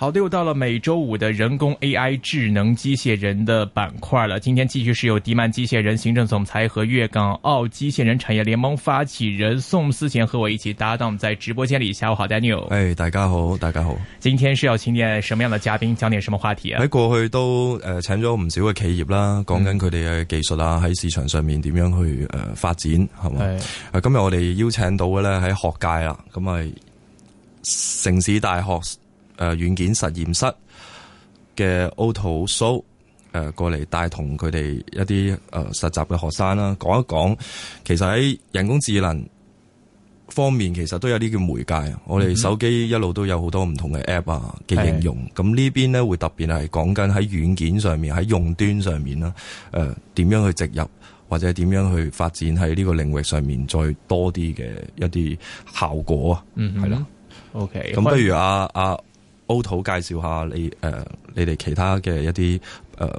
好的，又到了每周五的人工 AI 智能機械人的板塊了。今天繼續是由迪曼機械人行政總裁和粵港澳機械人產業聯盟發起人宋思賢和我一起搭檔在直播間裏。下午好，Daniel，哎。大家好，大家好。今天是要請點什麼樣的嘉賓，講點什麼話題啊？喺過去都、呃、請咗唔少嘅企業啦，講緊佢哋嘅技術啊，喺市場上面點樣去、呃、發展，係嘛？哎、今日我哋邀請到嘅呢，喺學界啦，咁啊城市大學。誒，軟、呃、件實驗室嘅 Otto So、呃、誒過嚟帶同佢哋一啲誒、呃、實習嘅學生啦，講一講其實喺人工智能方面，其實都有啲叫媒介、嗯、哼啊。我哋手機一路都有好多唔同嘅 App 啊嘅應用，咁的呢邊咧會特別係講緊喺軟件上面，喺用端上面啦。誒、呃，點樣去植入或者點樣去發展喺呢個領域上面再多啲嘅一啲效果啊？嗯、啊，係、啊、啦。OK，咁不如阿阿。Otto，介紹下你誒你哋其他嘅一啲誒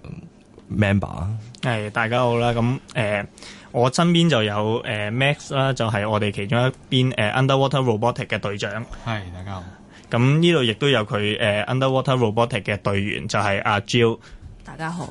member 啊。係、呃、大家好啦，咁誒、呃、我身邊就有誒、呃、Max 啦，就係我哋其中一邊誒、呃、Underwater Robotics 嘅隊長。係，大家好。咁呢度亦都有佢誒、呃、Underwater Robotics 嘅隊員，就係阿 Jo，大家好。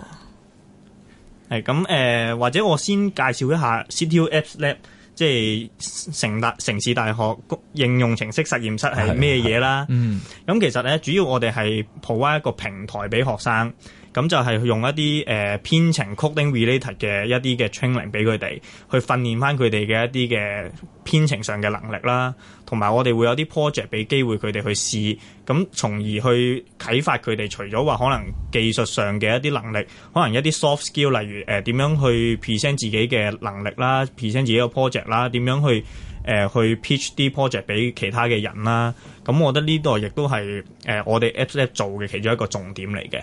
係，咁誒，或者我先介紹一下 CityU Apps Lab，即係城大城市大學應用程式實驗室係咩嘢啦？嗯，咁其實咧，主要我哋係鋪開一個平台俾學生。咁就係用一啲誒編程 coding related 嘅一啲嘅 training 俾佢哋去訓練翻佢哋嘅一啲嘅編程上嘅能力啦，同埋我哋會有啲 project 俾機會佢哋去試，咁從而去啟發佢哋。除咗話可能技術上嘅一啲能力，可能一啲 soft skill，例如誒點樣去 present 自己嘅能力啦，present 自己個 project 啦，點樣去誒、呃、去 pitch 啲 project 俾其他嘅人啦。咁、啊嗯、我覺得呢度亦都係誒我哋 Apps Lab 做嘅其中一個重點嚟嘅。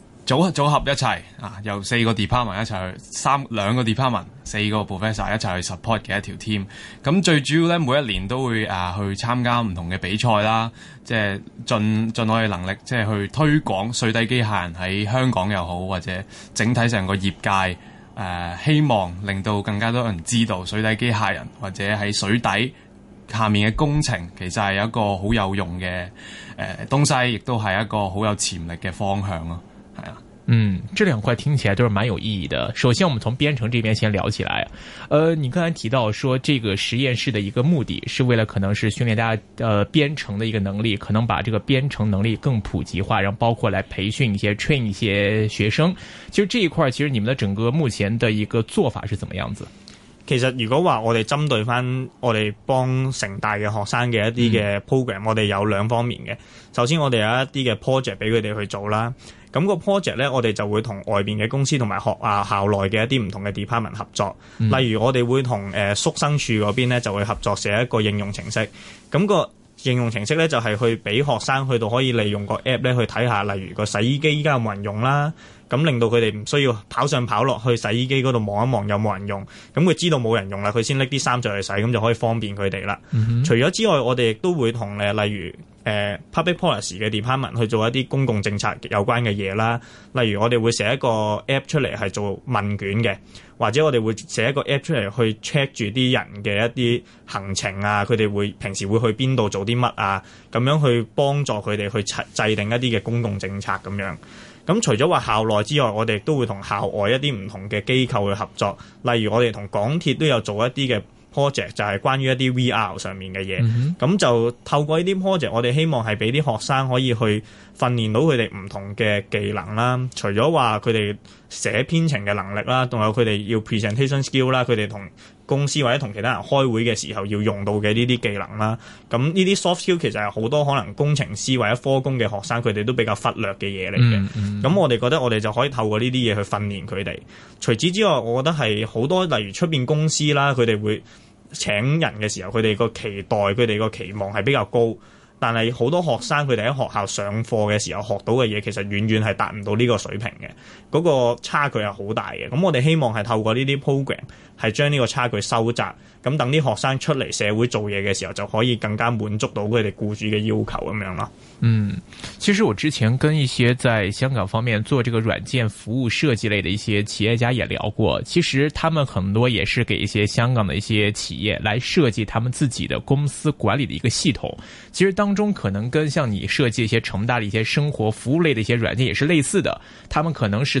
組組合一齊啊，由四個 department 一齊去三兩個 department，四個 professor 一齊去 support 嘅一條 team、啊。咁最主要咧，每一年都會誒、啊、去參加唔同嘅比賽啦，即、啊、係、就是、盡盡我嘅能力，即、就、係、是、去推廣水底機械人喺香港又好，或者整體成個業界誒、啊、希望令到更加多人知道水底機械人或者喺水底下面嘅工程其實係一個好有用嘅誒、啊、東西，亦都係一個好有潛力嘅方向咯、啊。嗯，這兩塊聽起來都是蠻有意義的。首先，我們從編程這邊先聊起來。呃，你剛才提到說這個實驗室的一個目的是為了可能是訓練大家呃編程的一個能力，可能把這個編程能力更普及化，然後包括來培訓一些 train 一些學生。其實這一塊其實你們的整個目前的一個做法是怎麼樣子？其實如果話我哋針對翻我哋幫城大嘅學生嘅一啲嘅 program，嗯，我哋有兩方面嘅。首先，我哋有一啲嘅 project 俾佢哋去做啦。咁個 project 咧，我哋就會同外邊嘅公司同埋學啊校內嘅一啲唔同嘅 department 合作。嗯、例如我哋會同誒、呃、宿生處嗰邊咧就會合作寫一個應用程式。咁、嗰個應用程式咧就係、是、去俾學生去到可以利用個 app 咧去睇下，例如個洗衣機依家有冇人用啦。咁令到佢哋唔需要跑上跑落去洗衣機嗰度望一望有冇人用。咁佢知道冇人用啦，佢先拎啲衫再去洗，咁就可以方便佢哋啦。嗯嗯，除咗之外，我哋亦都會同咧例如。誒、呃、Public Policy 嘅 department 去做一啲公共政策有關嘅嘢啦，例如我哋會寫一個 app 出嚟係做問卷嘅，或者我哋會寫一個 app 出嚟去 check 住啲人嘅一啲行程啊，佢哋會平時會去邊度做啲乜啊，咁樣去幫助佢哋去制定一啲嘅公共政策咁樣。咁除咗話校內之外，我哋都會同校外一啲唔同嘅機構去合作，例如我哋同港鐵都有做一啲嘅。project 就係關於一啲 VR 上面嘅嘢，咁、嗯、哼就透過呢啲 project，我哋希望係俾啲學生可以去訓練到佢哋唔同嘅技能啦。除咗話佢哋寫編程嘅能力啦，仲有佢哋要 presentation skill 啦，佢哋同公司或者同其他人開會嘅時候要用到嘅呢啲技能啦，咁呢啲 soft skill 其實係好多可能工程師或者科工嘅學生佢哋都比較忽略嘅嘢嚟嘅。咁，mm hmm. 我哋覺得我哋就可以透過呢啲嘢去訓練佢哋。除此之外，我覺得係好多例如出邊公司啦，佢哋會請人嘅時候，佢哋個期待、佢哋個期望係比較高，但係好多學生佢哋喺學校上課嘅時候學到嘅嘢，其實遠遠係達唔到呢個水平嘅。嗰個差距係好大嘅，咁我哋希望係透過呢啲 program 係將呢個差距收窄，咁等啲學生出嚟社會做嘢嘅時候就可以更加滿足到佢哋僱主嘅要求咁樣咯。嗯，其實我之前跟一些在香港方面做這個軟件服務設計類的一些企業家也聊過，其實他們很多也是給一些香港的一些企業來設計他們自己的公司管理的一個系統，其實當中可能跟像你設計一些城大的一些生活服務類的一些軟件也是類似的，他們可能是。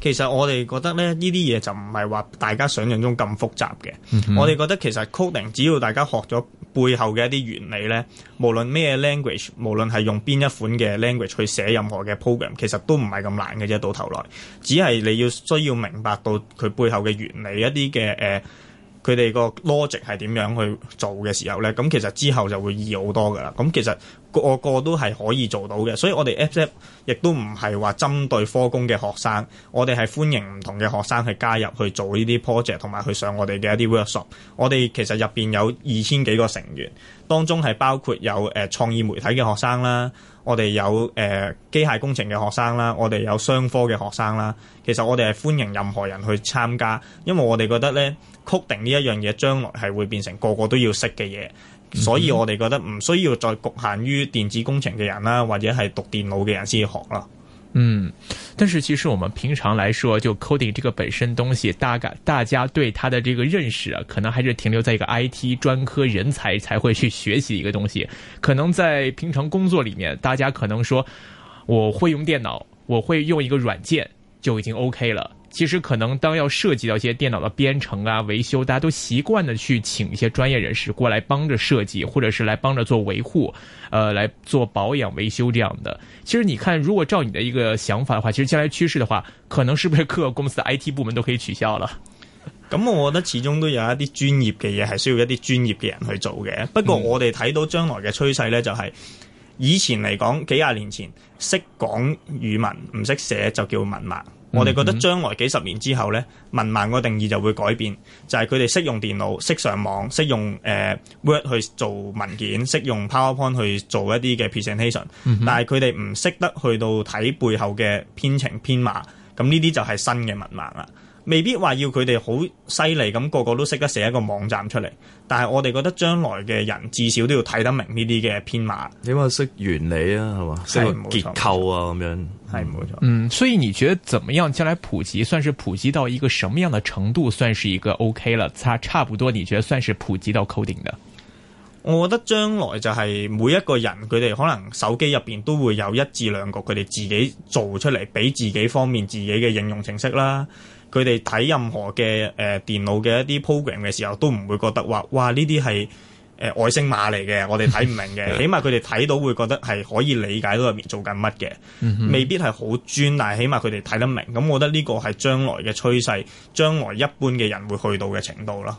其實我哋覺得咧，呢啲嘢就唔係話大家想象中咁複雜嘅。Mm hmm. 我哋覺得其實 coding 只要大家學咗背後嘅一啲原理咧，無論咩 language，無論係用邊一款嘅 language 去寫任何嘅 program，其實都唔係咁難嘅啫。到頭來，只係你要需要明白到佢背後嘅原理一啲嘅誒。呃佢哋個 logic 係點樣去做嘅時候呢，咁其實之後就會易好多噶啦。咁其實個個個都係可以做到嘅，所以我哋 app 亦都唔係話針對科工嘅學生，我哋係歡迎唔同嘅學生去加入去做呢啲 project，同埋去上我哋嘅一啲 workshop。我哋其實入邊有二千幾個成員，當中係包括有誒創意媒體嘅學生啦，我哋有誒機械工程嘅學生啦，我哋有商科嘅學生啦。其實我哋係歡迎任何人去參加，因為我哋覺得呢，coding 呢一樣嘢，將來係會變成個個都要識嘅嘢，所以我哋覺得唔需要再局限於電子工程嘅人啦，或者係讀電腦嘅人先學啦。嗯，但是其實我們平常來說，就 coding 這個本身東西，大概大家對它的這個認識啊，可能還是停留在一個 IT 專科人才才會去學習一個東西。可能在平常工作裏面，大家可能說我會用電腦，我會用一個軟件就已經 OK 了。其實可能當要涉及到一些電腦的編程啊、維修，大家都習慣的去請一些專業人士過來幫着設計，或者是來幫着做維護，呃，來做保養維修這樣的。其實，你看如果照你的一個想法的話，其實將來趨勢的話，可能是不是各個公司的 IT 部門都可以取消啦？咁我、嗯、我覺得始終都有一啲專業嘅嘢係需要一啲專業嘅人去做嘅。不過我哋睇到將來嘅趨勢呢、就是，就係以前嚟講，幾廿年前識講語文唔識寫就叫文盲。 我哋覺得將來幾十年之後咧，文盲個定義就會改變，就係佢哋識用電腦、識上網、識用誒、呃、Word 去做文件、識用 PowerPoint 去做一啲嘅 presentation，但係佢哋唔識得去到睇背後嘅編程編碼，咁呢啲就係新嘅文盲啦。未必話要佢哋好犀利咁，個個都識得寫一個網站出嚟。但係我哋覺得將來嘅人至少都要睇得明呢啲嘅編碼。你話識原理啊，係嘛？識個結構啊，咁樣係冇錯。嗯，所以你覺得怎麼樣？將來普及算是普及到一個什麼樣嘅程度？算是一個 OK 了？差差不多？你覺得算是普及到 coding 的？我覺得將來就係每一個人佢哋可能手機入邊都會有一至兩個佢哋自己做出嚟俾自己方面自己嘅應用程式啦。佢哋睇任何嘅誒、呃、電腦嘅一啲 program 嘅時候，都唔會覺得話，哇！呢啲係誒外星碼嚟嘅，我哋睇唔明嘅。 起碼佢哋睇到會覺得係可以理解到入面做緊乜嘅，嗯、哼未必係好專，但係起碼佢哋睇得明。咁我覺得呢個係將來嘅趨勢，將來一般嘅人會去到嘅程度啦。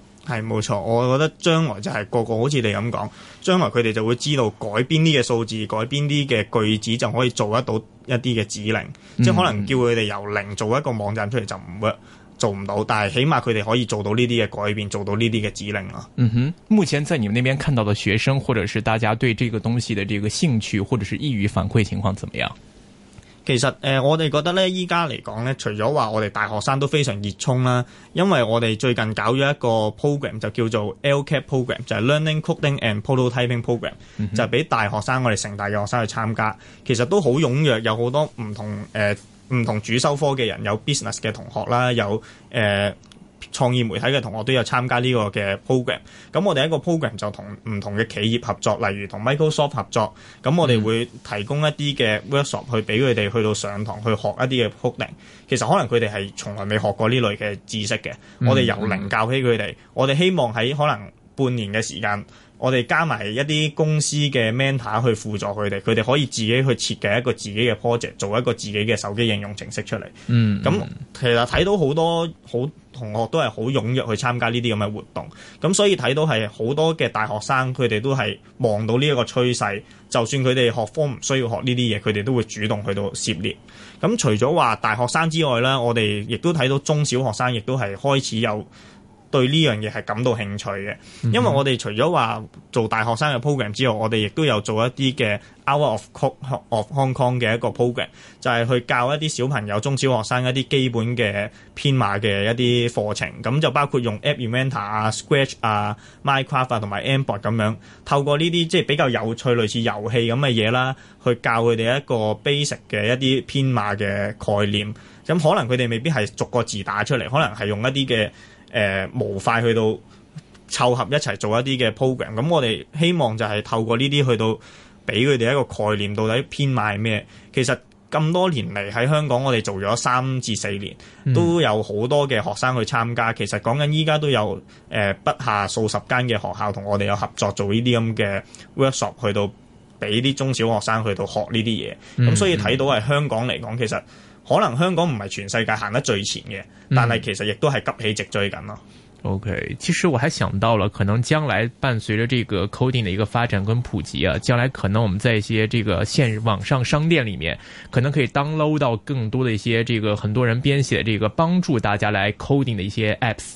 係冇錯，我覺得將來就係、是、個個好似你咁講，將來佢哋就會知道改邊啲嘅數字，改邊啲嘅句子，就可以做得到一啲嘅指令，嗯、即係可能叫佢哋由零做一個網站出嚟就唔會做唔到，但係起碼佢哋可以做到呢啲嘅改變，做到呢啲嘅指令啦。嗯哼，目前在你們呢邊看到嘅學生，或者是大家對這個東西的這個興趣，或者是異語反饋情況怎麼樣？其實誒、呃，我哋覺得咧，依家嚟講咧，除咗話我哋大學生都非常熱衷啦，因為我哋最近搞咗一個 program，就叫做 LCap Program，就係 Learning Coding and Prototyping Program，嗯哼，就係俾大學生，我哋成大嘅學生去參加，其實都好踴躍，有好多唔同誒、呃、唔同主修科嘅人，有 business 嘅同學啦，有誒、呃創意媒體嘅同學都有參加呢個嘅 program，咁我哋一個 program 就同唔同嘅企業合作，例如同 Microsoft 合作，咁我哋會提供一啲嘅 workshop 去俾佢哋去到上堂去學一啲嘅 coding，其實可能佢哋係從來未學過呢類嘅知識嘅，我哋由零教起佢哋，我哋希望喺可能半年嘅時間，我哋加埋一啲公司嘅 mentor 去輔助佢哋，佢哋可以自己去設計一個自己嘅 project，做一個自己嘅手機應用程式出嚟。嗯，咁其實睇到好多好同學都係好踴躍去參加呢啲咁嘅活動，咁所以睇到係好多嘅大學生，佢哋都係望到呢一個趨勢，就算佢哋學科唔需要學呢啲嘢，佢哋都會主動去到涉獵。咁除咗話大學生之外咧，我哋亦都睇到中小學生亦都係開始有。對呢樣嘢係感到興趣嘅，因為我哋除咗話做大學生嘅 program 之外，我哋亦都有做一啲嘅 Hour of Code of Hong Kong 嘅一個 program，m, 就係去教一啲小朋友、中小學生一啲基本嘅編碼嘅一啲課程。咁就包括用 App Inventor 啊、Scratch 啊、啊 Minecraft 同埋 MBoard 咁樣，透過呢啲即係比較有趣、類似遊戲咁嘅嘢啦，去教佢哋一個 basic 嘅一啲編碼嘅概念。咁可能佢哋未必係逐個字打出嚟，可能係用一啲嘅。誒模塊去到湊合一齊做一啲嘅 program，咁我哋希望就係透過呢啲去到俾佢哋一個概念，到底編碼係咩？其實咁多年嚟喺香港，我哋做咗三至四年，都有好多嘅學生去參加。其實講緊依家都有誒、呃、不下數十間嘅學校同我哋有合作做呢啲咁嘅 workshop，去到俾啲中小學生去到學呢啲嘢。咁、嗯嗯、所以睇到係香港嚟講，其實。可能香港唔係全世界行得最前嘅，但係其實亦都係急起直追緊咯、嗯。OK，其實我還想到了，可能將來伴隨着這個 coding 的一個發展跟普及啊，將來可能我們在一些這個線網上商店裏面，可能可以 download 到更多的一些這個很多人編寫的這個幫助大家來 coding 的一些 apps。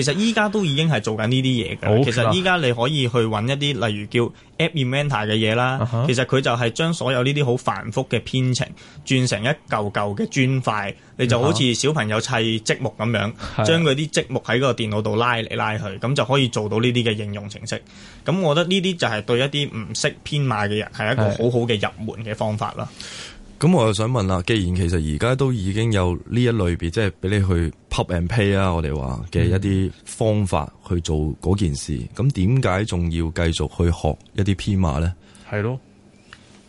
其實依家都已經係做緊呢啲嘢㗎。好其實依家你可以去揾一啲，例如叫 App Inventor 嘅嘢啦。Uh huh. 其實佢就係將所有呢啲好繁複嘅編程，轉成一嚿嚿嘅磚塊，你就好似小朋友砌積木咁樣，將佢啲積木喺個電腦度拉嚟拉去，咁就可以做到呢啲嘅應用程式。咁我覺得呢啲就係對一啲唔識編碼嘅人，係一個好好嘅入門嘅方法啦。Uh huh. 嗯咁我又想問啦，既然其實而家都已經有呢一類別，即係俾你去 pop and play 啊，我哋話嘅一啲方法去做嗰件事，咁點解仲要繼續去學一啲編碼呢？係是咯。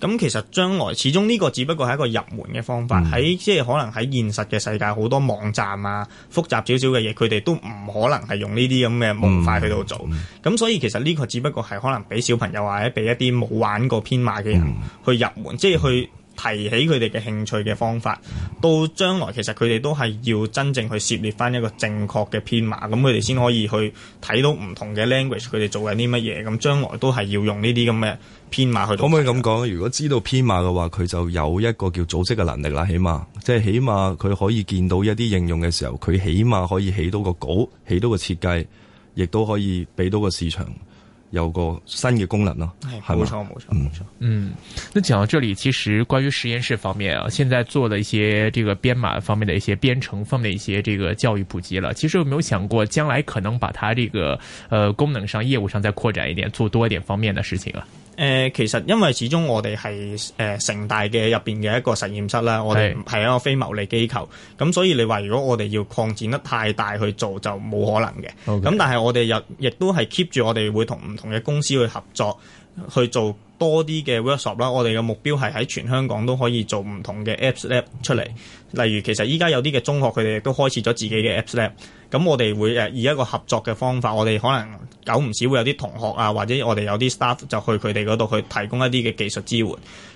咁其實將來始終呢個只不過係一個入門嘅方法，喺、嗯、即係可能喺現實嘅世界，好多網站啊，複雜少少嘅嘢，佢哋都唔可能係用呢啲咁嘅模塊去到做。咁、嗯、所以其實呢個只不過係可能俾小朋友或者俾一啲冇玩過編碼嘅人、嗯、去入門，即係去。提起佢哋嘅興趣嘅方法，到將來其實，佢哋都係要真正去涉獵翻一個正確嘅編碼，咁佢哋先可以去睇到唔同嘅 language，佢哋做緊啲乜嘢，咁將來都係要用呢啲咁嘅編碼去。可唔可以咁講？如果知道編碼嘅話，佢就有一個叫組織嘅能力啦，起碼即係起碼，佢可以見到一啲應用嘅時候，佢起碼可以起到個稿，起到個設計，亦都可以俾到個市場。有個新嘅功能咯，係嘛、哎？吧沒錯。沒錯，嗯，嗯，那講到這裏，其實關於實驗室方面啊，現在做的一些這個編碼方面的一些編程方面的一些這個教育普及了。其實有沒有想過將來可能把它這個，呃，功能上業務上再擴展一點，做多一點方面的事情啊？誒、呃，其實因為始終我哋係誒城大嘅入邊嘅一個實驗室啦，是我哋係一個非牟利機構，咁所以你話如果我哋要擴展得太大去做就冇可能嘅。咁 Okay. 但係我哋亦亦都係 keep 住我哋會同唔同嘅公司去合作去做。多啲嘅 workshop 啦，我哋嘅目標係喺全香港都可以做唔同嘅 apps lab 出嚟。例如，其實依家有啲嘅中學，佢哋亦都開始咗自己嘅 apps lab。咁我哋會誒以一個合作嘅方法，我哋可能久唔久會有啲同學啊，或者我哋有啲 staff 就去佢哋嗰度去提供一啲嘅技術支援。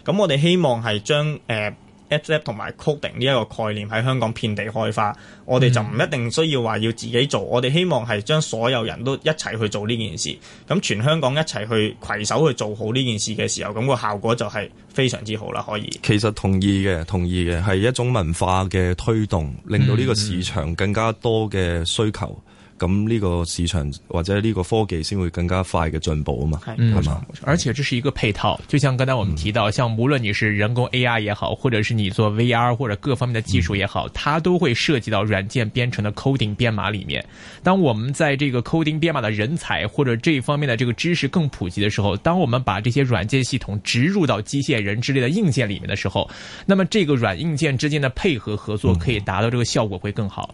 咁我哋希望係將誒。呃 App Lab 同埋 coding 呢一個概念喺香港遍地開花，我哋就唔一定需要話要自己做，我哋希望係將所有人都一齊去做呢件事，咁全香港一齊去攜手去做好呢件事嘅時候，咁個效果就係非常之好啦，可以。其實同意嘅，同意嘅係一種文化嘅推動，令到呢個市場更加多嘅需求。咁呢個市場或者呢個科技先會更加快嘅進步啊嘛，係嘛、嗯？而且這是一個配套，就像剛才我們提到，像無論你是人工 AI 也好，或者是你做 VR 或者各方面的技術也好，它都會涉及到軟件編程的 coding 編碼裏面。當我們在這個 coding 編碼的人才或者這方面的這個知識更普及的時候，當我們把這些軟件系統植入到機械人之類的硬件裏面的時候，那麼這個軟硬件之間的配合合作可以達到這個效果會更好。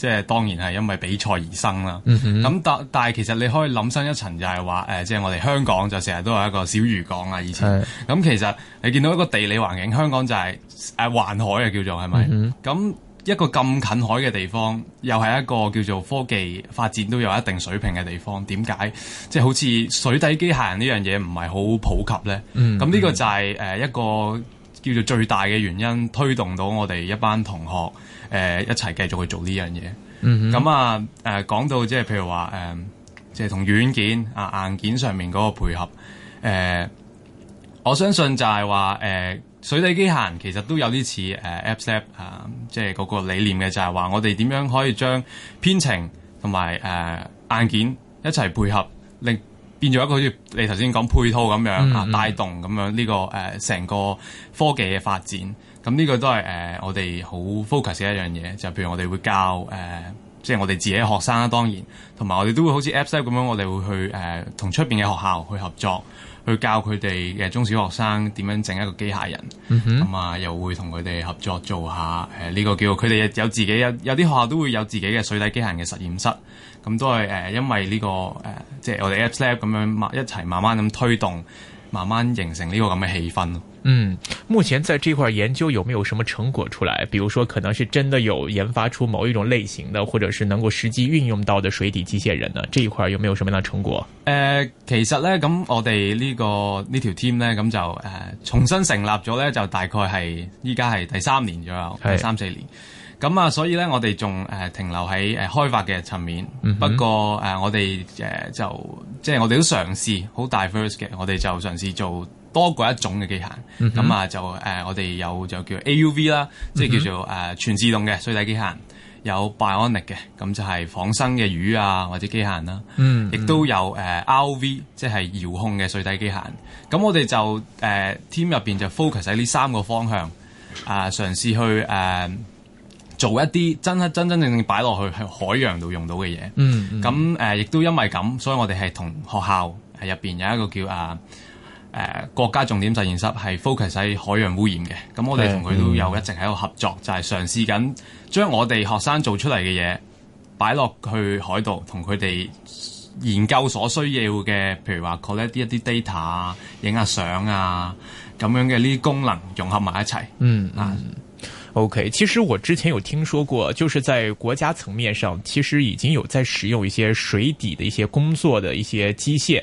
即係當然係因為比賽而生啦。咁、mm hmm. 但但係其實你可以諗深一層就、呃，就係話誒，即係我哋香港就成日都有一個小漁港啊。以前咁、mm hmm. 嗯、其實你見到一個地理環境，香港就係、是、誒、呃、環海啊，叫做係咪？咁、mm hmm. 一個咁近海嘅地方，又係一個叫做科技發展都有一定水平嘅地方，點解即係好似水底機械人呢樣嘢唔係好普及呢？咁呢、mm hmm. 個就係、是、誒、呃、一個叫做最大嘅原因，推動到我哋一班同學。誒、呃、一齊繼續去做呢、嗯、哼樣嘢、啊，咁啊誒講到即係譬如話誒，即係同軟件啊、呃、硬件上面嗰個配合，誒、呃、我相信就係話誒水底機械其實都有啲似誒 Apps Lab 啊，即係嗰個理念嘅就係話我哋點樣可以將編程同埋誒硬件一齊配合，令變咗一個好似你頭先講配套咁樣、嗯、哼啊，帶動咁樣呢、呢個誒成、呃、個科技嘅發展。咁呢個都係誒、uh, 我哋好 focus 嘅一樣嘢，就是、譬如我哋會教誒，即、uh, 係我哋自己學生啦，當然，同埋我哋都會好似 AppsLab 咁樣，我哋會去誒、uh, 同出邊嘅學校去合作，去教佢哋嘅中小學生點樣整一個機械人，咁啊、mm hmm. 嗯、又會同佢哋合作做下誒呢、uh, 個叫佢哋有自己有有啲學校都會有自己嘅水底機械人嘅實驗室，咁都係誒、uh, 因為呢、這個誒即係我哋 AppsLab 咁樣一齊慢慢咁推動。慢慢形成呢個咁嘅氣氛。嗯，目前在這塊研究有沒有什麼成果出來？比如說，可能是真的有研發出某一種類型的，或者是能夠實際運用到的水底機械人呢？這一塊有沒有什麼樣的成果？誒、呃，其實呢，咁我哋呢、這個呢條、這個、team 呢，咁就誒、呃、重新成立咗呢，就大概係依家係第三年左右，三四 年。咁啊，所以咧，我哋仲誒停留喺誒開發嘅層面。嗯、哼不過誒、呃，我哋誒、呃、就即係我哋都嘗試好 diverse 嘅。我哋就嘗試做多過一種嘅機械。咁啊、嗯哼嗯，就誒、呃，我哋有就叫 A U V 啦，即係叫做誒、呃、全自動嘅水底機械。有 bionic 嘅，咁就係仿生嘅魚啊，或者機械啦。亦、嗯嗯、都有誒、呃、R、O、V，即係遙控嘅水底機械。咁我哋就誒 team 入邊就 focus 喺呢三個方向啊、呃，嘗試去誒。呃去去去去去去去做一啲真係真真正正擺落去海洋度用到嘅嘢，嗯。嗯，咁誒、呃，亦都因為咁，所以我哋係同學校喺入邊有一個叫啊誒、呃、國家重點實驗室，係 focus 喺海洋污染嘅。咁我哋同佢都有一直喺度合作，嗯，就係嘗試緊將我哋學生做出嚟嘅嘢擺落去海度，同佢哋研究所需要嘅，譬如話 collect 一啲一啲 data 啊，影下相啊，咁樣嘅呢啲功能融合埋一齊，嗯。嗯。嗯 OK，其實我之前有聽說過，就是在國家層面上，其實已經有在使用一些水底的一些工作的一些機械。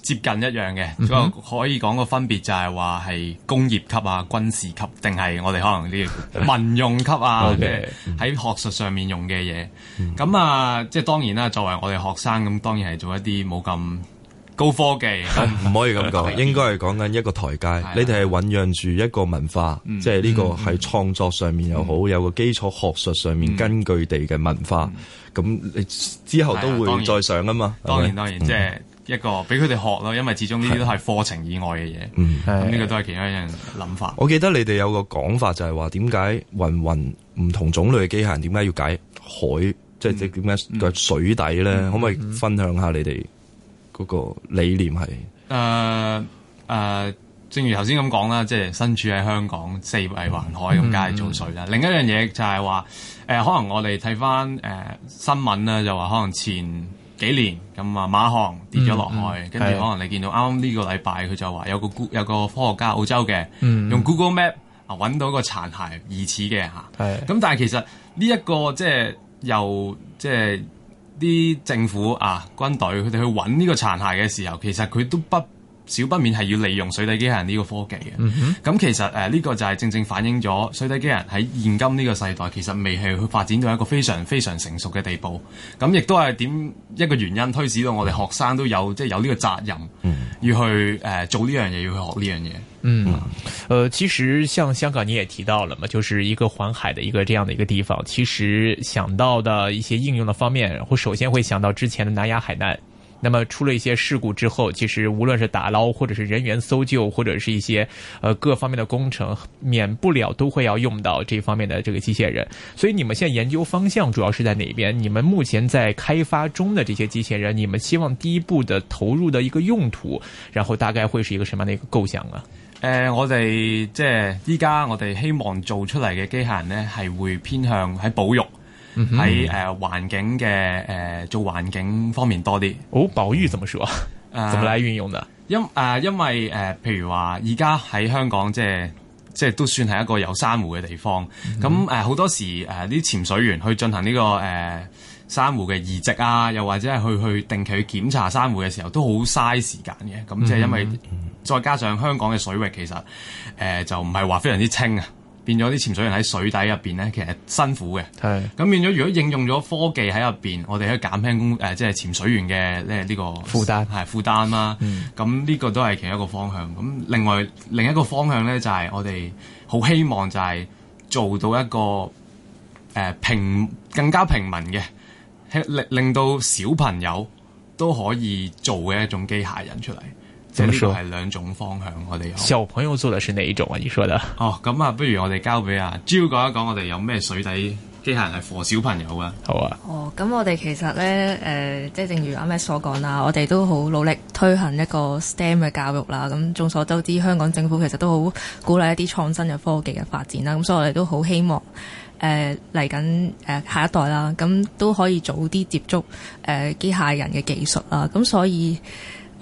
接近一樣嘅，咁可以講個分別就係話係工業級啊、軍事級，定係我哋可能啲民用級啊，即喺學術上面用嘅嘢。咁啊，即係當然啦。作為我哋學生咁，當然係做一啲冇咁高科技，唔可以咁講。應該係講緊一個台階。你哋係醖釀住一個文化，即係呢個係創作上面又好，有個基礎學術上面根據地嘅文化。咁你之後都會再上啊嘛？當然當然，即係。一個俾佢哋學咯，因為始終呢啲都係課程以外嘅嘢。的嗯，呢個都係其中一樣諗法。我記得你哋有個講法就係話，點解云云唔同種類嘅機械人點解要解海，即係點解嘅水底咧？嗯、可唔可以分享下你哋嗰個理念係？誒誒、嗯嗯呃呃，正如頭先咁講啦，即、就、係、是、身處喺香港四圍環海咁，梗係做水啦。嗯嗯、另一樣嘢就係話，誒、呃、可能我哋睇翻誒新聞咧，就話可能前，幾年咁啊，馬航跌咗落去，跟住、嗯嗯、可能你見到啱啱呢個禮拜佢就話有個 Google 有個科學家澳洲嘅，嗯、用 Google Map 啊揾到個殘骸疑似嘅嚇，咁但係其實呢、這、一個即係、就是、由即係啲政府啊軍隊佢哋去揾呢個殘骸嘅時候，其實佢都不。少不免係要利用水底機械人呢個科技嘅，咁、嗯、哼其實誒呢、呃這個就係正正反映咗水底機械人喺現今呢個世代，其實未係去發展到一個非常非常成熟嘅地步。咁亦都係點一個原因，推使到我哋學生都有即係有呢個責任，要去誒做呢樣嘢，要去學呢樣嘢。嗯，誒、嗯，其實像香港，你也提到了嘛，就是一個環海嘅一個這樣的一個地方。其實想到的一些應用的方面，會首先會想到之前的南亞海難。那麼出了一些事故之後，其實無論是打撈，或者是人員搜救，或者是一些呃各方面的工程，免不了都會要用到這方面的這個機械人。所以你們現在研究方向主要是在哪邊？你們目前在開發中的這些機械人，你們希望第一步的投入的一個用途，然後大概會是一個什麼樣的一個構想啊？呃我哋即係依家我哋希望做出嚟嘅機械人呢，係會偏向喺保育。喺誒環境嘅誒、呃、做環境方面多啲。好、哦，保育怎麼說啊？ 怎麼嚟運用嘅？因誒、呃、因為誒、呃，譬如話而家喺香港即係即係都算係一個有珊瑚嘅地方。咁誒好多時誒啲潛水員去進行呢、這個誒、呃、珊瑚嘅移植啊，又或者係去去定期去檢查珊瑚嘅時候，都好嘥時間嘅。咁即係因為、嗯、哼再加上香港嘅水域其實誒、呃呃、就唔係話非常之清啊。變咗啲潛水員喺水底入邊咧，其實辛苦嘅。係的。咁變咗，如果應用咗科技喺入邊，我哋可以減輕工誒、呃，即係潛水員嘅咧呢個負擔係負擔啦。咁呢、嗯、個都係其中一個方向。咁另外另一個方向咧，就係、是、我哋好希望就係做到一個誒、呃、平更加平民嘅，令令到小朋友都可以做嘅一種機械人出嚟。就呢個係兩種方向，我哋小朋友做的算哪一種啊？你說的哦，咁啊，不如我哋交俾阿 Jo 講一講，我哋有咩水底機械人係 for 小朋友啊？好啊。哦，咁我哋其實咧，誒、呃，即係正如阿 May 所講啦，我哋都好努力推行一個 STEM 嘅教育啦。咁、嗯、眾所周知，香港政府其實都好鼓勵一啲創新嘅科技嘅發展啦。咁、嗯、所以我哋都好希望，誒嚟緊誒下一代啦，咁、嗯、都可以早啲接觸誒機械人嘅技術啦。咁、嗯、所以。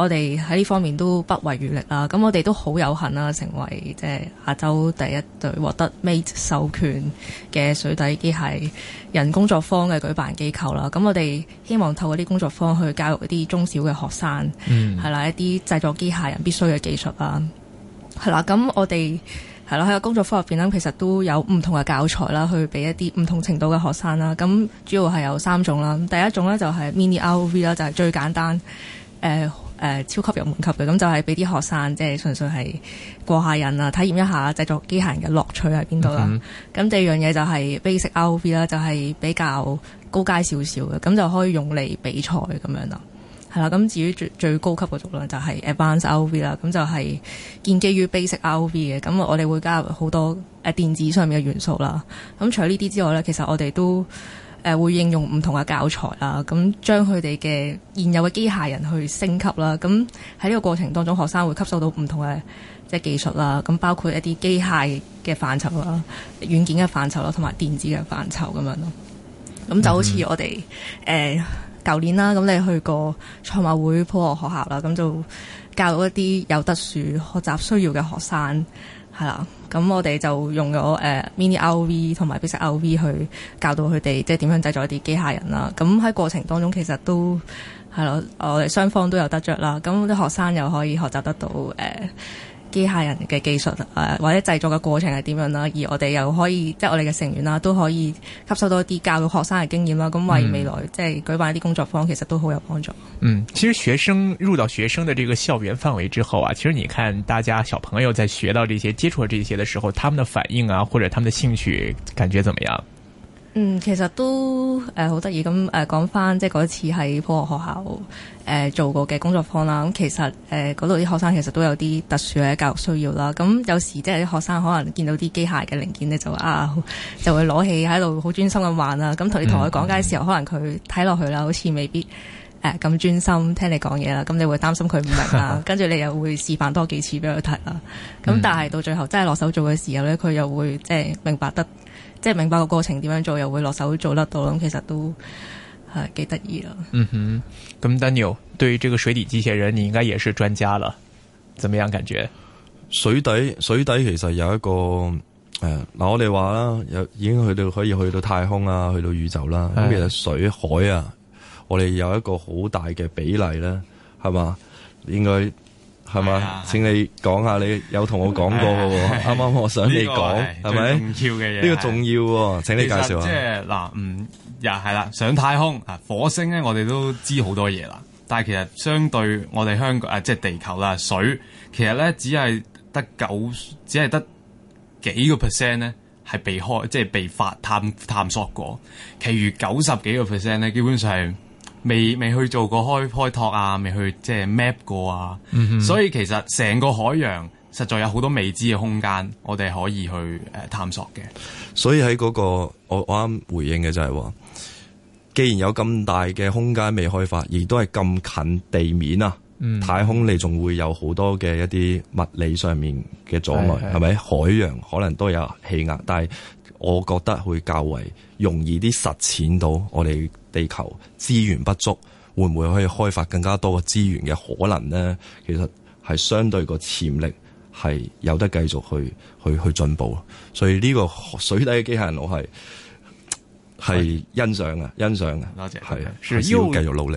我哋喺呢方面都不遺餘力啦，咁我哋都好有幸啦，成為即係亞洲第一隊獲得 Mate 授權嘅水底機械人工作坊嘅舉辦機構啦。咁我哋希望透過啲工作坊去教育一啲中小嘅學生，係、嗯、啦，一啲製作機械人必須嘅技術啦，係啦。咁我哋係啦，喺個工作坊入邊啦，其實都有唔同嘅教材啦，去俾一啲唔同程度嘅學生啦。咁主要係有三種啦，第一種咧就係 Mini ROV 啦，就係、是、最簡單誒。呃誒超級入門級嘅，咁就係俾啲學生即係純粹係過下癮啊，體驗一下製作機械人嘅樂趣喺邊度啦。咁、嗯、哼第二樣嘢就係 basic ROV 啦，就係比較高階少少嘅，咁就可以用嚟比賽咁樣咯。係啦，咁至於最最高級嘅族啦，就係 advanced ROV 啦，咁就係建基於 basic ROV 嘅，咁我哋會加入好多誒電子上面嘅元素啦。咁除咗呢啲之外咧，其實我哋都～誒會應用唔同嘅教材啦，咁將佢哋嘅現有嘅機械人去升級啦，咁喺呢個過程當中，學生會吸收到唔同嘅即係技術啦，咁包括一啲機械嘅範疇啦、軟件嘅範疇啦、同埋電子嘅範疇咁樣咯。咁、嗯嗯、就好似我哋誒舊年啦，咁你去過賽馬會普學學校啦，咁就教一啲有特殊學習需要嘅學生。係啦，咁、嗯、我哋就用咗誒、呃、mini R V 同埋 basic R V 去教到佢哋即係點樣製作一啲機械人啦。咁、啊、喺過程當中，其實都係咯、嗯嗯，我哋雙方都有得着啦。咁、啊、啲學生又可以學習得到誒、啊機械人嘅技術啊、呃，或者製作嘅過程係點樣啦？而我哋又可以，即係我哋嘅成員啦，都可以吸收到一啲教育學生嘅經驗啦。咁為未來即係舉辦一啲工作坊，其實都好有幫助。嗯，其實學生入到學生嘅這個校園範圍之後啊，其實你看大家小朋友在學到這些、接觸到這些嘅時候，他們的反應啊，或者他們嘅興趣，感覺怎麼樣？嗯，其實都誒好得意咁誒，講翻即係嗰次喺普愛學校誒、呃、做過嘅工作坊啦。咁、嗯、其實誒嗰度啲學生其實都有啲特殊嘅教育需要啦。咁、嗯、有時即係啲學生可能見到啲機械嘅零件咧，就啊就會攞起喺度好專心咁玩啦。咁同你同佢講解嘅時候，嗯嗯、可能佢睇落去啦，好似未必誒咁、呃、專心聽你講嘢啦。咁你會擔心佢唔明啊？ 跟住你又會示範多幾次俾佢睇啦。咁、嗯嗯、但係到最後真係落手做嘅時候咧，佢又會即係明白得。即係明白個過程點樣做，又會落手做得到咁，其實都係幾得意咯。嗯哼，咁 Daniel，對於呢個水底機械人，你應該也是專家了，怎麼樣感覺？水底水底其實有一個誒，嗱、呃、我哋話啦，有已經去到可以去到太空啊，去到宇宙啦。咁其實水海啊，我哋有一個好大嘅比例咧，係嘛應該。係咪？啊、請你講下你有同我講過嘅喎，啱啱、啊、我想你講，係咪吧？唔要嘅嘢，呢個重要，請你介紹下。即係嗱，嗯，又係啦，上太空啊，火星咧，我哋都知好多嘢啦。但係其實相對我哋香港啊，即係地球啦，水其實咧只係得九，只係得幾個 percent 咧係被開，即、就、係、是、被發探探索過，其餘九十幾個 percent 咧基本上。未未去做過開開拓啊，未去即係 map 過啊，嗯、哼所以其實成個海洋實在有好多未知嘅空間，我哋可以去誒探索嘅。所以喺嗰個我我啱回應嘅就係話，既然有咁大嘅空間未開發，而都係咁近地面啊，嗯、太空你仲會有好多嘅一啲物理上面嘅阻礙，係咪？海洋可能都有氣壓，但係。我覺得會較為容易啲實踐到我哋地球資源不足，會唔會可以開發更加多嘅資源嘅可能咧？其實係相對個潛力係有得繼續去去去進步，所以呢個水底嘅機械人我係係欣賞嘅，欣賞嘅，多謝，係需要繼續努力。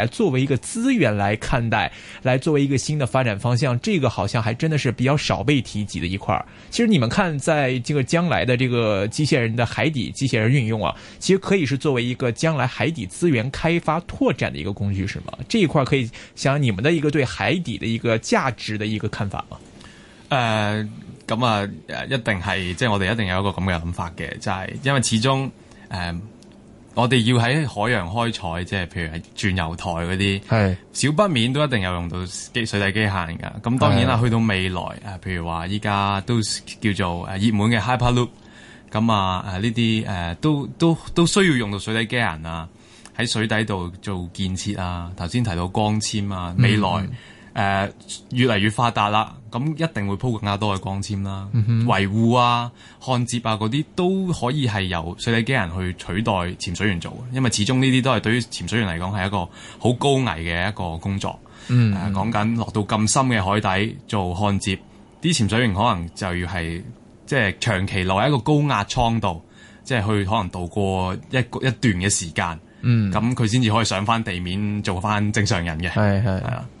來作為一個資源來看待，來作為一個新的發展方向，這個好像還真的是比較少被提及的一塊。其實你們看，在這個將來的這個機械人的海底機械人運用啊，其實可以是作為一個將來海底資源開發拓展的一個工具，是嗎？這一塊可以想你們的一個對海底的一個價值的一個看法嗎？呃，咁啊，一定係，即係我哋一定有一個咁嘅諗法嘅，就係因為始終，呃我哋要喺海洋開採，即係譬如係鑽油台嗰啲，是少不免都一定有用到水底機械噶。咁當然啦，的去到未來啊，譬如話依家都叫做誒熱門嘅 Hyperloop，咁、嗯、啊誒呢啲誒都都都需要用到水底機械人啊，喺水底度做建設啊。頭先提到光纖啊，未來。嗯嗯誒、uh, 越嚟越發達啦，咁一定會鋪更加多嘅光纖啦。Mm hmm. 維護啊、焊接啊嗰啲都可以係由水底機人去取代潛水員做，因為始終呢啲都係對於潛水員嚟講係一個好高危嘅一個工作。誒講緊落到咁深嘅海底做焊接，啲潛水員可能就要係即係長期留喺一個高壓倉度，即、就、係、是、去可能度過一一段嘅時間。嗯、mm，咁佢先至可以上翻地面做翻正常人嘅。係係啊。Hmm. Uh.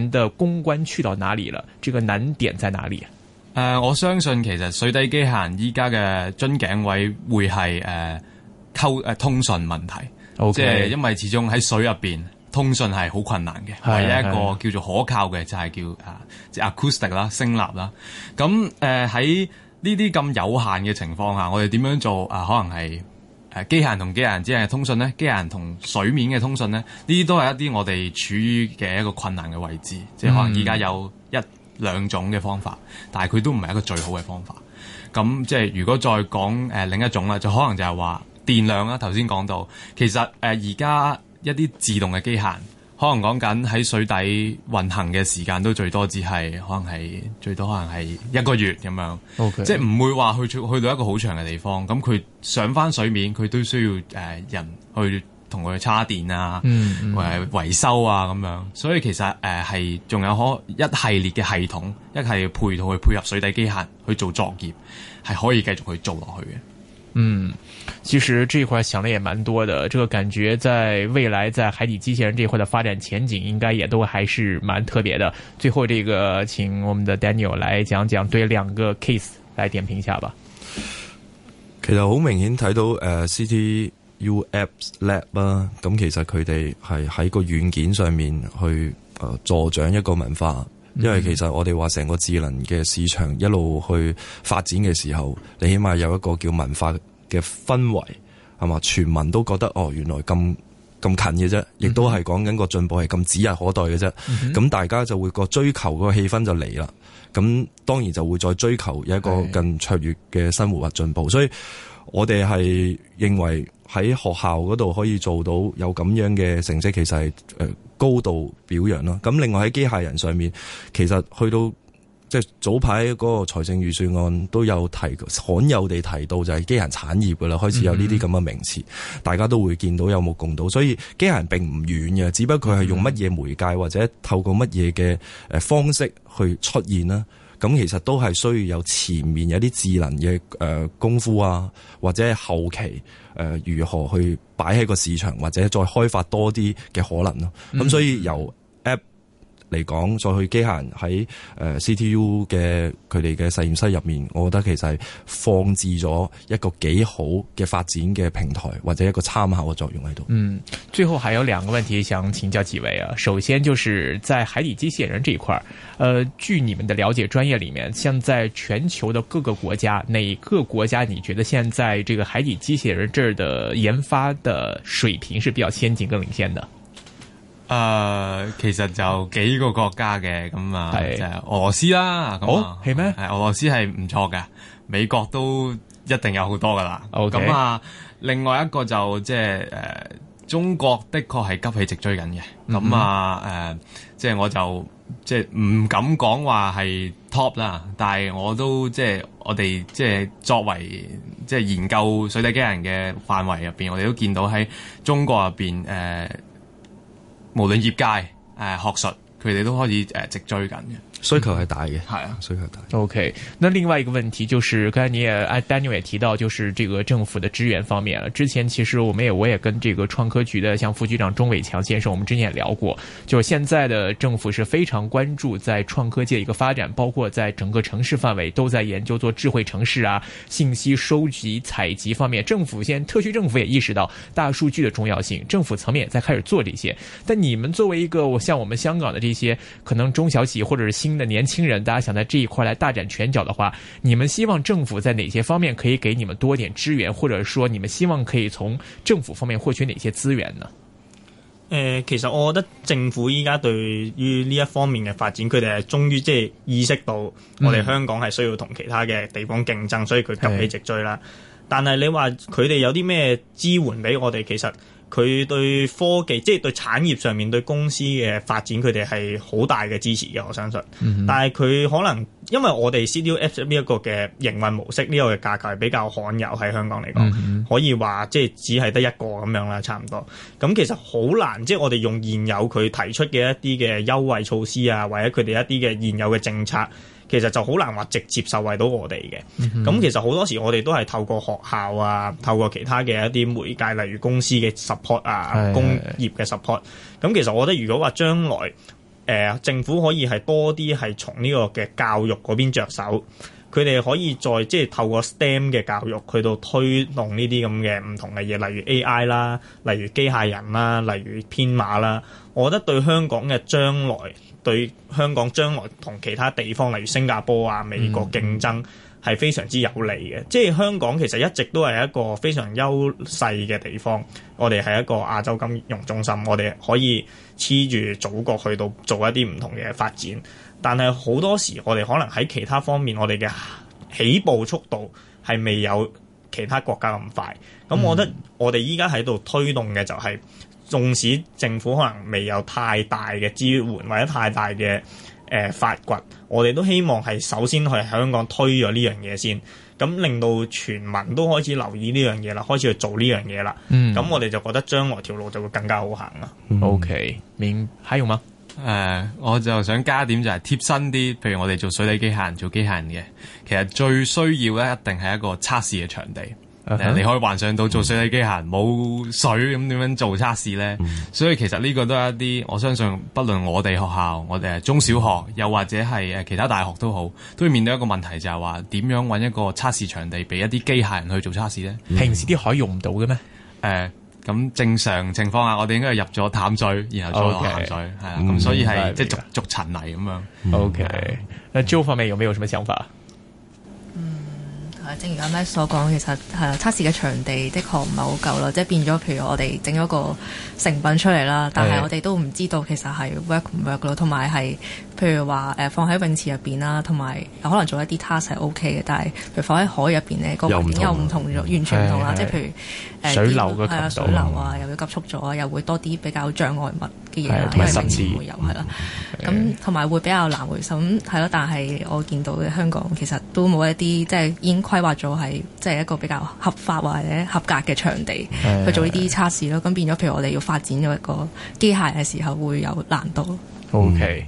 嘅公關去到哪裡啦？這個難點在哪裡？誒、呃，我相信其實水底機械人依家嘅樽頸位會係誒溝誒通訊問題，即係 Okay. 因為始終喺水入邊通訊係好困難嘅，係 一個叫做可靠嘅就係、是、叫誒即係 acoustic 啦、升立啦。咁誒喺呢啲咁有限嘅情況下，我哋點樣做？誒、呃，可能係。誒、啊、機械人同機械人之間嘅通訊咧，機械人同水面嘅通訊咧，呢啲都係一啲我哋處於嘅一個困難嘅位置，嗯、即係可能而家有一兩種嘅方法，但係佢都唔係一個最好嘅方法。咁即係如果再講誒、呃、另一種啦，就可能就係話電量啦、啊。頭先講到，其實誒而家一啲自動嘅機械。可能講緊喺水底運行嘅時間都最多只係可能係最多可能係一個月咁樣，Okay. 即係唔會話去去到一個好長嘅地方。咁佢上翻水面上返，佢都需要誒、呃、人去同佢插電啊，或係、mm hmm. 呃、維修啊咁樣。所以其實誒係仲有可一系列嘅系統，一係配套去配合水底機械去做作業，係可以繼續去做落去嘅。嗯，其實這一塊想的也蠻多的。這個感覺在未來，在海底機器人這一塊的發展前景，應該也都還是蠻特別的。最後，這個請我們的 Daniel 來講講對兩個 case 來點評一下吧。其實好明顯睇到，呃 CityU Apps Lab 啊，咁、嗯、其實佢哋係喺個軟件上面去呃助長一個文化。因為其實我哋話成個智能嘅市場一路去發展嘅時候，你起碼有一個叫文化嘅氛圍，係嘛？全民都覺得哦，原來咁咁近嘅啫，亦都係講緊個進步係咁指日可待嘅啫。咁、嗯、哼大家就會個追求嗰個氣氛就嚟啦。咁當然就會再追求有一個更卓越嘅生活或的進步。所以我哋係認為喺學校嗰度可以做到有咁樣嘅成績，其實係誒。呃高度表揚啦！咁另外喺機械人上面，其實去到即係早排嗰個財政預算案都有提罕有地提到就係機械人產業噶啦，開始有呢啲咁嘅名詞，mm hmm. 大家都會見到有目共睹。所以機械人並唔遠嘅，只不過，佢係用乜嘢媒介或者透過乜嘢嘅誒方式去出現啦。咁其實都係需要有前面有啲智能嘅誒功夫啊，或者係後期誒如何去擺喺個市場，或者再開發多啲嘅可能咯。咁、嗯、所以由嚟講，再去機械人喺誒 CityU 嘅佢哋嘅實驗室入面，我覺得其實係放置咗一個幾好嘅發展嘅平台，或者一個參考嘅作用喺度。嗯，最後還有兩個問題想請教幾位啊。首先就是在海底機械人這一塊，呃，據你們的了解，專業裡面，像在全球的各個國家，哪個國家你覺得現在這個海底機械人這的研發的水平是比較先進更領先的？誒，uh, 其實就幾個國家嘅，咁啊，是就俄羅斯啦。好係咩？係、oh? 俄羅斯係唔錯嘅，美國都一定有好多噶啦。咁 Okay. 啊，另外一個就即係誒，中國的確係急起直追緊嘅。咁、mm hmm. 啊，誒、呃、即、就、係、是、我就即係唔敢講話係 top 啦，但係我都即係、就是、我哋即係作為即係、就是、研究水底機器人嘅範圍入邊，我哋都見到喺中國入邊誒。呃無論業界、誒、呃、學術，佢哋都開始誒直追緊嘅。所需求係大嘅，係啊，所需求大。OK，那另外一個問題就是，剛才你也阿 Daniel 也提到，就是這個政府的支援方面啊。之前其實我們也我也跟這個創科局的，像副局長鍾偉強先生，我們之前也聊過，就現在的政府是非常關注在創科界的一個發展，包括在整個城市範圍都在研究做智慧城市啊，信息收集採集方面。政府現特區政府也意識到大數據的重要性，政府層面也在開始做這些。但你們作為一個我，像我們香港的這些可能中小企業或者是新的年輕人，大家想在這一塊來大展拳腳的話，你們希望政府在哪些方面可以給你們多點支援，或者說你們希望可以從政府方面獲取哪些資源呢？誒、呃，其實我覺得政府依家對於呢一方面嘅發展，佢哋係終於即係意識到我哋香港係需要同其他嘅地方競爭，嗯、所以佢急起直追啦。嗯、但係你話佢哋有啲咩支援俾我哋，其實？佢對科技即係對產業上面對公司嘅發展，佢哋係好大嘅支持嘅。我相信，嗯、哼但係佢可能因為我哋 CDU F 呢一個嘅營運模式，呢、這個嘅價格係比較罕有喺香港嚟講，嗯、哼可以話即係只係得一個咁樣啦，差唔多。咁其實好難，即係我哋用現有佢提出嘅一啲嘅優惠措施啊，或者佢哋一啲嘅現有嘅政策。其實就好難話直接受惠到我哋嘅，咁、嗯、哼其實好多時我哋都係透過學校啊，透過其他嘅一啲媒介，例如公司嘅 support 啊，的工業嘅 support。咁其實我覺得如果話將來，誒、呃、政府可以係多啲係從呢個嘅教育嗰邊着手，佢哋可以再即係透過 STEM 嘅教育去到推動呢啲咁嘅唔同嘅嘢，例如 AI 啦，例如機械人啦，例如編碼啦，我覺得對香港嘅將來。對香港將來同其他地方，例如新加坡啊、美國競爭，係非常之有利嘅。即係香港其實一直都係一個非常優勢嘅地方，我哋係一個亞洲金融中心，我哋可以黐住祖國去到做一啲唔同嘅發展。但係好多時我哋可能喺其他方面，我哋嘅起步速度係未有其他國家咁快。咁我覺得我哋依家喺度推動嘅就係、是。縱使政府可能未有太大嘅支援或者太大嘅誒、呃、發掘，我哋都希望係首先去香港推咗呢樣嘢先，咁令到全民都開始留意呢樣嘢啦，開始去做呢樣嘢啦。咁、嗯、我哋就覺得將來條路就會更加好行啦。嗯、o Okay . K，明白，喺用嗎？誒，我就想加點就係貼身啲，譬如我哋做水底機械人、做機械人嘅，其實最需要咧，一定係一個測試嘅場地。你可以幻想到做水底機械人冇水咁點樣做測試咧？所以其實呢個都係一啲，我相信不論我哋學校，我哋中小學，又或者係誒其他大學都好，都會面對一個問題，就係話點樣搵一個測試場地俾一啲機械人去做測試咧？平時啲海用唔到嘅咩？誒，咁正常情況下，我哋應該係入咗淡水，然後再落淡水，係啦，咁所以係即係逐逐層泥咁樣。OK，那 Joe 方面有冇有咩想法？正如啱啱所講，其實係、啊、測試嘅場地的確唔係好夠啦，即係變咗。譬如我哋整咗個成品出嚟啦，但係我哋都唔知道其實係 work 唔 work 咯，同埋係。譬如話誒放喺泳池入邊啦，同埋可能做一啲 task 係 O K 嘅，但係譬如放喺海入邊咧，個環境又唔同咗，完全唔同啦。即係譬如誒，水流嘅啊，水流啊，又要急速咗，啊，又會多啲比較障礙物嘅嘢啊，咩嘢都唔會有係啦。咁同埋會比較難回收，係咯。但係我見到嘅香港其實都冇一啲即係已經規劃咗係即係一個比較合法或者合格嘅場地去做呢啲測試咯。咁變咗，譬如我哋要發展咗一個機械嘅時候，會有難度。O K。